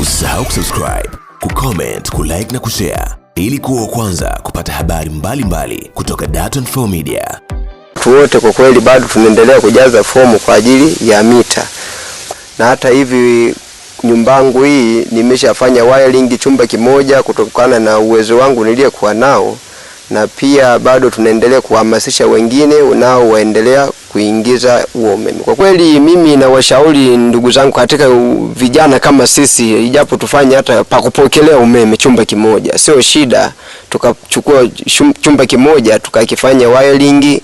Usisahau kusubscribe, kucomment, kulike na kushare ili kuwa kwanza kupata habari mbalimbali mbali kutoka Dar24 Media. Wote kwa kweli bado tunaendelea kujaza fomu kwa ajili ya mita, na hata hivi nyumbangu hii nimeshafanya wiring chumba kimoja kutokana na uwezo wangu niliyekuwa nao na pia bado tunaendelea kuhamasisha wengine nao waendelea kuingiza huo umeme. Kwa kweli mimi nawashauri ndugu zangu katika vijana kama sisi, ijapo tufanye hata pakupokelea umeme chumba kimoja, sio shida, tukachukua chumba kimoja tukakifanya wiring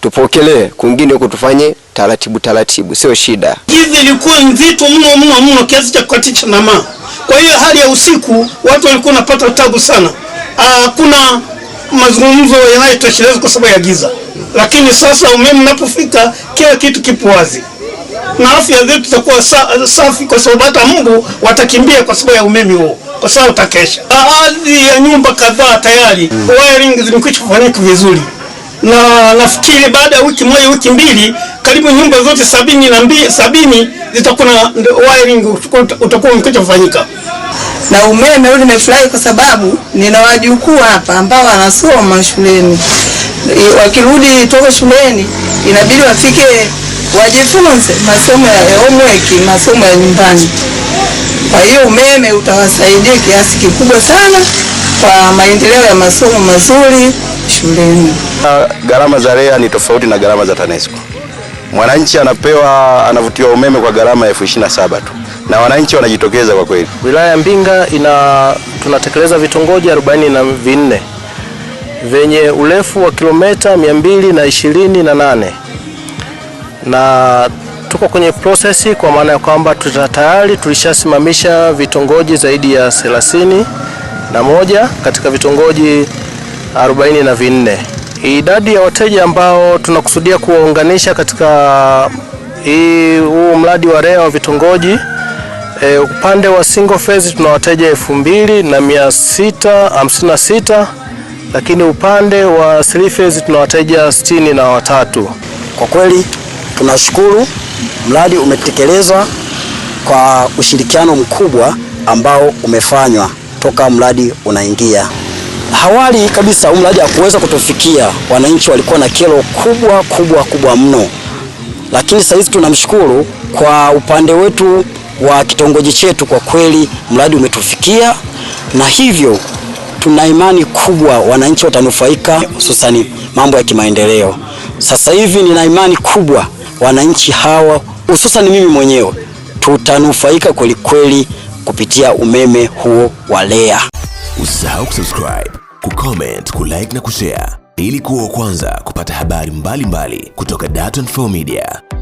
tupokelee kwingine huko tufanye taratibu taratibu, sio shida. Hivi ilikuwa nzito mno mno mno kiasi cha kukatisha tamaa. Kwa hiyo hali ya usiku watu walikuwa wanapata tabu sana. Aa, ah, kuna mazungumzo yanayotosheleza kwa sababu ya giza, lakini sasa umeme unapofika kila kitu kipo wazi na afya zetu zitakuwa safi, kwa sababu hata Mungu watakimbia kwa sababu ya umeme huo, kwa sababu utakesha. Baadhi ya nyumba kadhaa tayari wiring zimekwisha kufanyika vizuri, na nafikiri baada ya wiki moja, wiki mbili, karibu nyumba zote sabini na mbili sabini zitakuwa na wiring utakuwa umekwisha kufanyika na umeme huu nimefurahi kwa sababu nina wajukuu hapa ambao wanasoma shuleni. Wakirudi toka shuleni, inabidi wafike wajifunze masomo ya homework, masomo ya nyumbani. Kwa hiyo umeme utawasaidia kiasi kikubwa sana kwa maendeleo ya masomo mazuri shuleni. Gharama za REA ni tofauti na gharama za TANESCO. Mwananchi anapewa anavutiwa umeme kwa gharama ya elfu ishirini na saba tu na wananchi wanajitokeza kwa kweli. Wilaya ya Mbinga ina tunatekeleza vitongoji arobaini na vinne vyenye urefu wa kilometa mia mbili na ishirini na nane na tuko kwenye prosesi kwa maana ya kwamba tuta tayari tulishasimamisha vitongoji zaidi ya thelathini na moja katika vitongoji arobaini na vinne. Idadi ya wateja ambao tunakusudia kuwaunganisha katika huu mradi wa REA wa vitongoji E, upande wa single phase tuna wateja elfu mbili na mia sita hamsini na sita lakini upande wa three phase tuna wateja sitini na watatu. Kwa kweli tunashukuru, mradi umetekelezwa kwa ushirikiano mkubwa ambao umefanywa toka mradi unaingia. Hawali kabisa huu mradi hakuweza kutufikia, wananchi walikuwa na kero kubwa kubwa kubwa mno, lakini sasa hizi tunamshukuru kwa upande wetu wa kitongoji chetu, kwa kweli mradi umetufikia na hivyo tuna imani kubwa wananchi watanufaika, hususani mambo ya kimaendeleo. Sasa hivi nina imani kubwa wananchi hawa, hususani mimi mwenyewe, tutanufaika kweli kweli kupitia umeme huo wa REA. Usisahau kusubscribe, kucomment, kulike na kushare ili kuwa wa kwanza kupata habari mbalimbali mbali kutoka Dar24 Media.